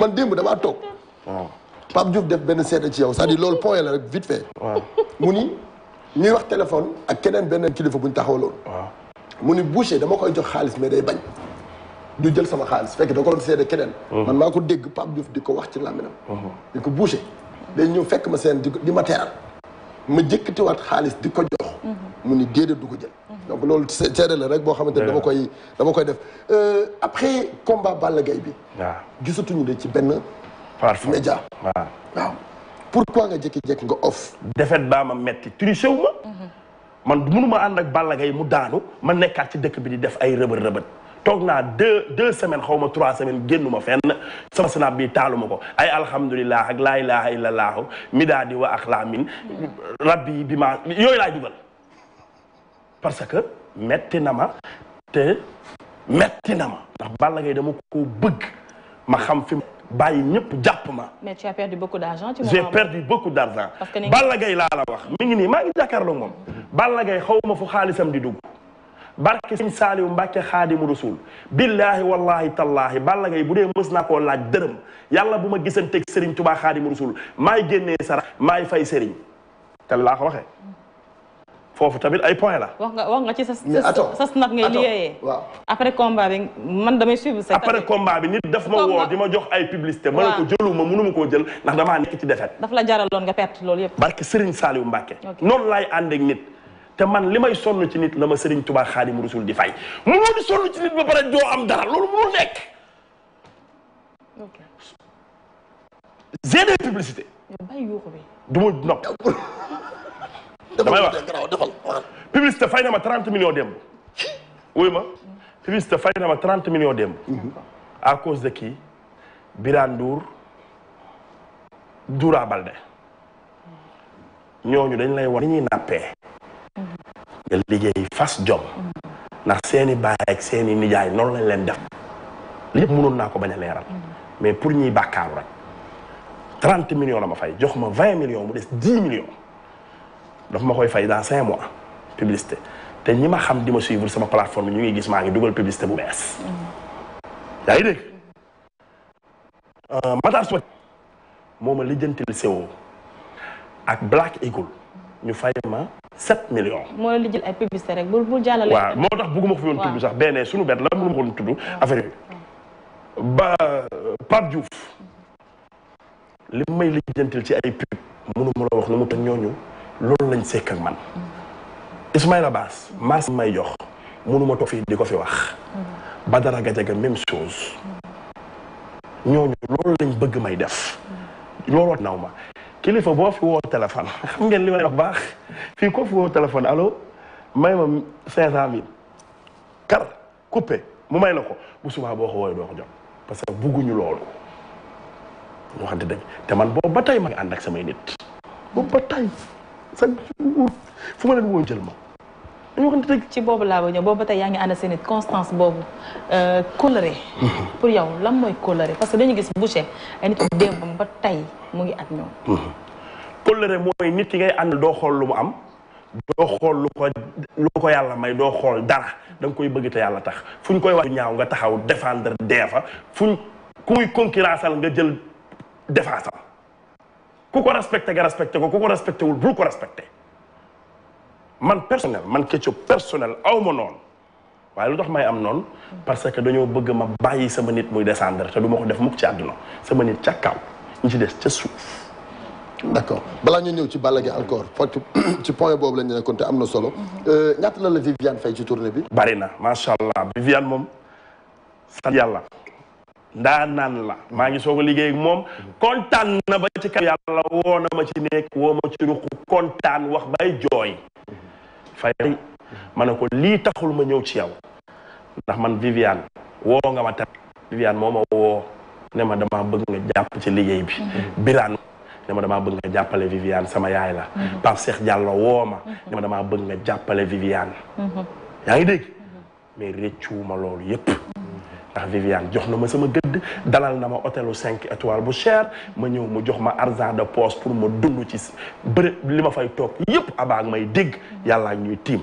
man démb damaa toog. waaw oh. Pape Diouf def benn seede ci yow c'est-à-dire loolu point la rek vite fait. waaw mu ni ñuy wax téléphone ak keneen benn kilifa bu ñu taxaw waaw mu ni Boucher dama koy jox xaalis mais day bañ. du jël sama xaalis fekk da ko doon seede keneen. Mm-hmm. man maa ko dégg Pape Diouf di ko wax ci làmminam. Mm-hmm. di ko Boucher day ñëw fekk ma seen di ma teral ma jëkkatiwaat xaalis di ko jox. Mm-hmm. mu ni déedéet du ko jël. donc loolu seede la rek boo xamante ne dama koy dama koy def euh, après combat Balla Gaye bi. waaw gisatuñu de ci benn. plateforme média waaw waaw. pourquoi nga jékki-jékki nga baa ma metti triché wu ma. Mhm. man mënuma ànd ak Balla Gaye mu daanu ma nekkaat ci dëkk bi di def ay rëbët rëbët toog naa deux deux semaines xaw ma trois semaines génnuma fenn sama snap bi taaluma ko ay alhamdulilah ak laa ilaha illallah midaadi wa axlaamin rabbi bi ma yooyu laay dugal. parce que metti na ma te metti na ma ndax Balla Gaye dama ko bëgg ma xam fi bàyyi ñëpp jàpp ma. mais tu as perdu beaucoup d'argent. ci j'ai perdu beaucoup d'argent. parce que Balla Gaye laa la wax. mi ngi nii maa ngi jàkkaarloo moom. Balla Gaye xaw ma fu xaalisam di dugg. barke sëñ Saaliw Mbàkke xaadimu rasul billaahi wallaahi tallaahi Balla ngay bu dee mës naa koo laaj dërëm yàlla bu ma gisanteeg Serigne Touba xaadimu rasul maay génnee sara maay fay Serigne te laa ko waxee. foofu tamit ay point la. wax nga wax nga ci sa sa snap ngay liggéeyee. waaw après combat bi man damay suivre. sa après combat bi nit daf ma woo di ma jox ay publicité. waaw ma ko jëluma mënuma koo jël ndax damaa nekk ci defet. daf la jaraloon nga perte loolu yëpp. barke Serigne Saliou Mbacke. noonu laay ànd ak nit. te man li may sonn ci nit la ma tubaa Touba Xaadimu Rasul di fay mu ngi di sonn ci nit ba pare doo am dara loolu mënul nekk. ok. j'ai du ma nopp. damay wax publicité fay na ma 30 millions démb. wuy ma publicité fay na ma 30 millions démb. Mhm. à cause de qui Birane Ndour Doura Balde ñooñu dañ lay war ni ñuy nappee. nga liggéey fas jom. Mhm. ndax seeni baay ak seeni nijaay noonu lañ leen def. li yëpp mënoon naa ko bañ a leeral. Mhm. mais pour ñuy bàkkaaru rek. 30 millions la ma fay jox ma 20 millions mu des 10 million dafa ma koy fay dans cinq mois publicité te ñi ma xam di ma suivre sama plateforme ñu ngi gis maa ngi dugal publicité bu bees. yaa ngi dégg euh, Matar Spot moo ma lijjantil CO ak Black Eagle ñu fay ma 7 millions. moo la lijjal ay publicité rek bul bul jàllale. waaw moo tax bëgguma ko fi sax benn suñu benn la mënuma ko woon tudd affaire bi ba euh, Pape Diouf li may lijjantil ci ay pub mënuma la wax nu mu toll ñooñu. loolu lañ sekk ak man Ismaïla Bass maas may jox mënuma toog fii di ko fi wax ba Badara Gadiaga même chose ñooñu loolu lañ bëgg may def looloo naw ma kilifa boo fi woo téléphone xam li may wax baax fi woo téléphone allo may ma cinq cent mille kar coupé mu may la ko bu subaa boo ko woowee doo ko jot parce que bugguñu loolu ñu te man boobu ba tey ma ngi ànd ak samay nit boobu ba tey san fu ma leen woon jël ma dañu waxante dëgg ci boobu laa ba ñëw boobu ba tey yaa ngi ànd seen constance boobu euh, coloré mhm. pour yow lan mooy coloré parce que dañu gis Boucher ay nit ku démbam ba tey mu ngi ak ñoom mhm. coloré mooy nit ki ngay ànd doo xool lu mu am doo xool lu ko yàlla may doo xool dara da koy bëgg te yàlla tax fu ñu koy wax ñaaw nga taxaw défendre deefa fu ñu ku muy concurrencal nga jël defaasal ku ko respecté nga respecté ko ku ko respecté wul bul ko respecté man personnel man Ketchup personnel aw ma noonu waaye lu tax may am noonu parce que dañoo bëgg ma bàyyi sama nit muy descendre te du ma ko def mukk ci àdduna sama nit ca kaw ñu ci des ca suuf. d'accord balaa ñu ñëw ci Balla gi encore fàcc ci point boobu lañ ne kon te am na solo. Euh, ñaata la la Viviane Faye ci tournée bi. bari na macha allah Viviane moom sant yàlla. ndaa naan la maa ngi soog a liggéey moom kontaan na ba ci kanam yàlla ma ci nekk woo ma ci ruq wax bay jooy fay ma ne ko lii taxul ma ñëw ci yow ndax man Viviane woo nga ma tamit Viviane moo ma woo ne ma dama bëgg nga jàpp ci liggéey bi mm-hmm. Birane ne ma bëgg nga jàppale Viviane sama yaay la mm-hmm. Pape Cheikh ma mm-hmm. jàppale Viviane yaa ngi dégg mais réccuwuma loolu yépp ndax jox na ma sama gëdd dalal na ma hôtelu cinq étoiles bu cher ma ñëw mu jox ma argent de poche pour ma dund ci bëri li ma fay toog yëpp abaak may dégg yàllaa ñuy tiim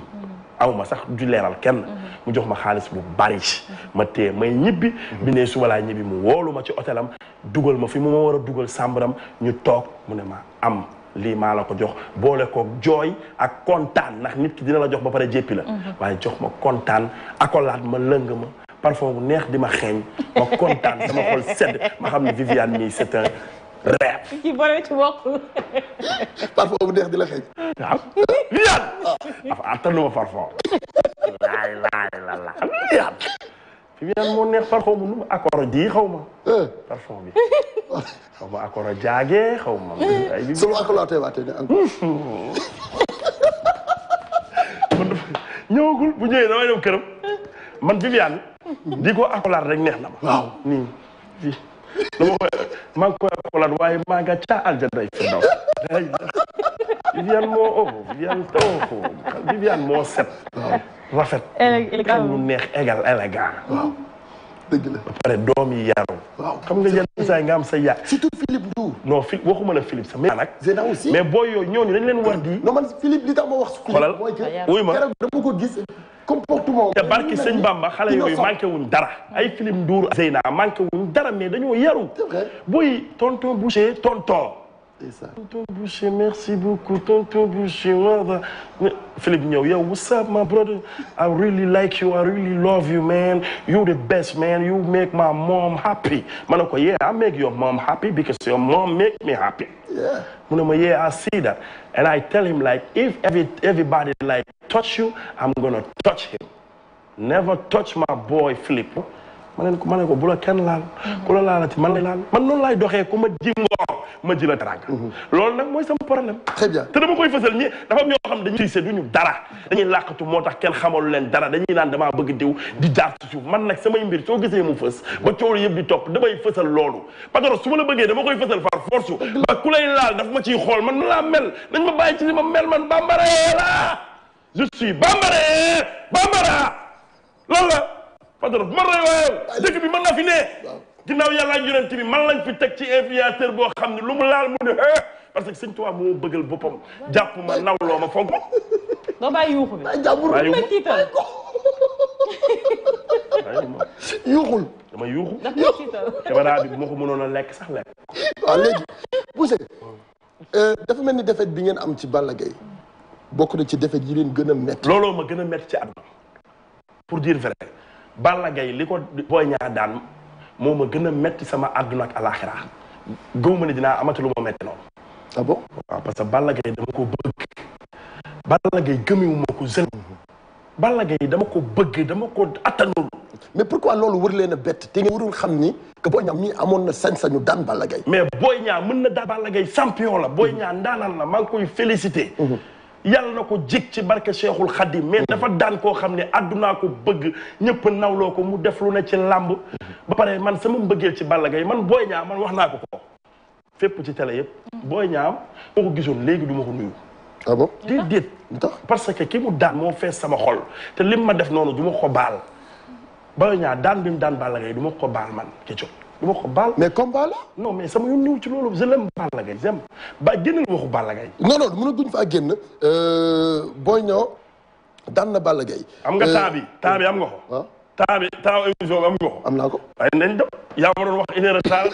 aw ma sax du leeral kenn mu jox ma xaalis bu bari ma téye may ñibbi bi ne suba laa ñibbi mu woolu ma ci hôtelam dugal ma fi mu ma war a dugal sàmbaram ñu toog mu ne ma am lii maa la ko jox boole kook jooy ak kontaan ndax nit ki dina la jox ba pare jéppi la mm-hmm. waaye jox ma kontaan akolaat ma parfum bu neex di ma xeeñ ma kontaan sama xol sedd ma xam ne Viviane mii c'est un rêve. ci borom ci ma parfum. laay laay la la moo neex parfum bu nu ma accord ji xaw ma. Eh. parfum bi xaw ma accord jaage xaw ma. Hmm. sama accord laa tey waatee ne encore. ñëwagul bu ñëwee man Viviane. di ko akolaat rek neex na ma. waaw nii fii. dama koy maa ngi koy akolaat waaye maa nga caa aljanna fi daw. Viviane moo oo Viviane oo Viviane moo set. rafet. élégant lu neex égal élégant. dëgg la ba pare doom yi yaru xam nga nga am sa yaay. surtout Philippe Ndour. non Philippe waxuma la mais. Zena aussi booy yooyu ñooñu dañ leen war di. non man Philippe li tax ma wax. xoolal wuy ma dama yooyu manqué wuñ dara. ay Philippe Ndour Zeyna manqué wuñ dara mais dañoo yaru. booy tonton Boucher tonton. tonton Boucher merci beaucoup tonton Boucher wala Philippe ñëw yow what's up my brother I really like you I really love you man you the best man you make my mom happy ma ne ko yeah I make your mom happy because your mom make me happy yeah mu ne ma yeah I see that and I tell him like if every everybody like touch you I'm gonna touch him never touch my boy Philippe ma ne ko ma ne ko bu la kenn laal ku la laalati man lay laal man noonu laay doxee ku ma ji ma mhm. nag koy fësal ñi dafa am ñoo xam dañuy tiise duñu xamalu leen dara dañuy naan bëgg diw di jaar ci suuf man nag samay mbir soo gisee mu fës ba coow yëpp di topp damay fësal loolu parce que su ma la bëggee dama koy fësal far force ba ku lay laal daf ma ciy xool man nu laa mel dañ ma bàyyi ci si ma mel man bambara la je suis bambara la patron bu ma rey dëkk bi man na fi ne ginnaaw yàlla ak yonent bi man lañ fi teg ci influenceur boo xam ne lu mu laal mu ne parce que sëñ Tuubaa moo bëggal boppam jàpp ma nawloo ma fonk ma doo bàyyi ma ko mënoon a lekk sax lekk waaw léegi Bousse euh, dafa mel ni défaite bi ngeen am ci Balla Gaye bokk na ci défaite yi leen gën a métti looloo ma gën a métti ci àdduna pour dire vrai Balla Gaye li ko Boy Niang daan moom ma gën a metti sama àdduna ak alaxira gëw ma ne dinaa amati lu ma metti noonu. ah bon waaw parce que Balla dama ko bëgg. Balla Gaye gëmiwuma ko zël. Balla Gaye dama ko bëgg dama ko attanul. mais pourquoi loolu wër leen a bett te nga warul xam ni que Boy Niang mii amoon na sañ-sañu daan Balla mais Boy Niang mën na daan Balla Gaye champion la Boy Niang ndaanaan la maa ngi koy félicité. Mm-hmm. yàlla na ko jig ci barke Cheikhul Khadim mais dafa daan koo xam ne àddunaa ko bëgg ñëpp nawloo ko mu def lu ne ci làmb ba pare man sama mbëggeel ci Balla Gaye man booy Niang man wax naa ko ko fépp ci télé yëpp booy Niang boo ko gisoon léegi du ma ko nuyu ah bon parce que ki mu daan moo fees sama xol te lim ma def noonu du ma ko baal Boy Niang daan bi mu daan Balla Gaye du ma ko baal man Ketchup du ma ko baal. mais comme baal la. non mais sama yoon ñëw ci loolu je l'aime Balla Gaye j'aime ba génn waxu Balla Gaye. non non mënatuñ faa génn euh, booy ñëw daan na Balla Gaye. am nga euh, taa bi taa bi am nga ko. waaw ah. taa bi taa émission am nga am naa ko. waaye nañ yaa ma doon wax une heure de retard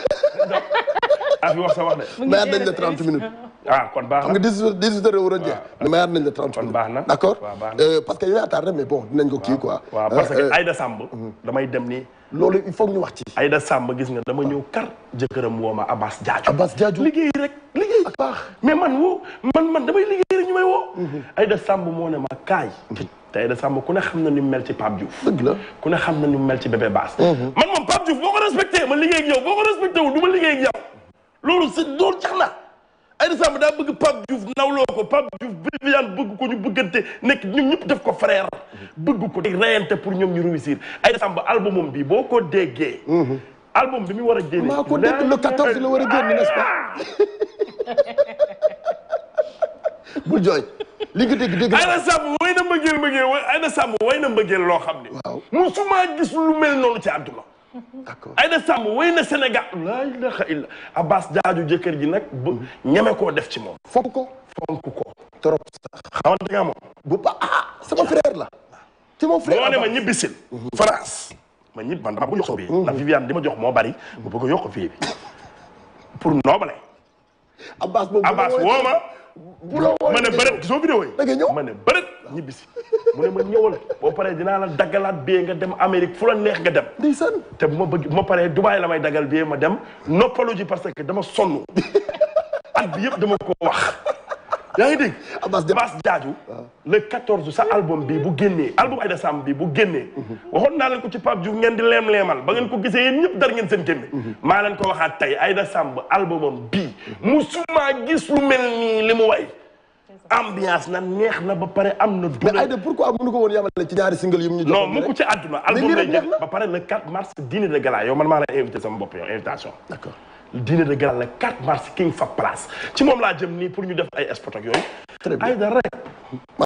a fi wax sa wax de. mayaat nañ la 30 minutes. ah kon baax na xam nga 18 18 heures war a jeex. waaw mayaat nañ baax na d' accord euh, parce que yow yaa mais bon dinañ ko kii quoi. waaw parce que euh, euh, Aïda Samb. Mhm. damay dem ni loolu il faut ñu wax ci. Aïda Samb gis nga dama ñëw kar jëkkëram woo ma Abbas Diadio. Abbas Diadio liggéey rek liggéey. baax mais man woo man man damay liggéey rek ñu may woo. Mhm. Aïda Samb moo ne ma kaay. Mhm. te Aïda Samb ku ne xam na ni mu mel ci Pape Diouf. dëgg la ku ne xam na ni mu mel ci bébé Baas. Mhm. man moom Pape Diouf boo ko respecté ma liggéey ak yow boo ko respecté wul du ma liggéey ak yow. loolu si loolu jax na Aïda sam daa bëgg Pape Diouf nawloo ko Pape Diouf Viviane bëgg ko ñu bëggante nekk ñoom ñëpp def ko frère. bëgg ko day reyante pour ñoom ñu réussir Aïda Samb albumam bi boo ko déggee. Mhm. album bi mu war a génne. maa ko dégg le 14 la war a génne n'est-ce pas. bul jooy. li nga dégg dégg Aïda Samb way na mbëggeel mbëggeel way Aïda na mbëggeel loo xam ne waaw musuma gis lu mel noonu ci àdduna d'accord Aïda Samb way na Sénégal laa ilaha illa Abbas Diadio jëkkër ji nag ba ñeme koo def ci moom fonk ko fonk ko trop sax xamante nga moom bu ba ah sama frère la ci moom frère moo ne ma ñibbisil mhm. France ma ñib man dama bëgg yokk mhm. di ma jox moo bari bëgg yokk fii bi pour noobale Abbas boobu ma bu la wooyee ma ne bëreet gisoo vidéo yi. da ngay ñëw ma ne bëreet ñibbisi mu ne ma ñëwal boo paree dinaa la daggalaat bee nga dem Amérique fu la neex nga dem. ndeysaan te bu ma bëgg ma paree Dubaay la may daggal bee ma dem noppalu ji parce que dama sonn at bi yëpp dama ko wax. yaa ngi dégg Abbas Diadio le 14 sa album bi bu génnee album Aïda Samb bi bu génnee mhm. waxoon naa leen ko ci Pape Diouf ngeen di leem-leemal ba ngeen ko gisee yéen ñëpp dar ngeen seen génne mhm. maa leen ko a tey Aïda Samb albumam bi mhm. musuma gis lu mel nii li mu way ambiance na neex na ba pare am na. mais Aïda ba pare le 4 mars dîner de gala yow man maa la invité sama bopp yow invitation dîner de gala le 4 mars King Fahd Palace ci moom laa jëm nii pour ñu def ay spot ak yooyu. très bien ay da rek.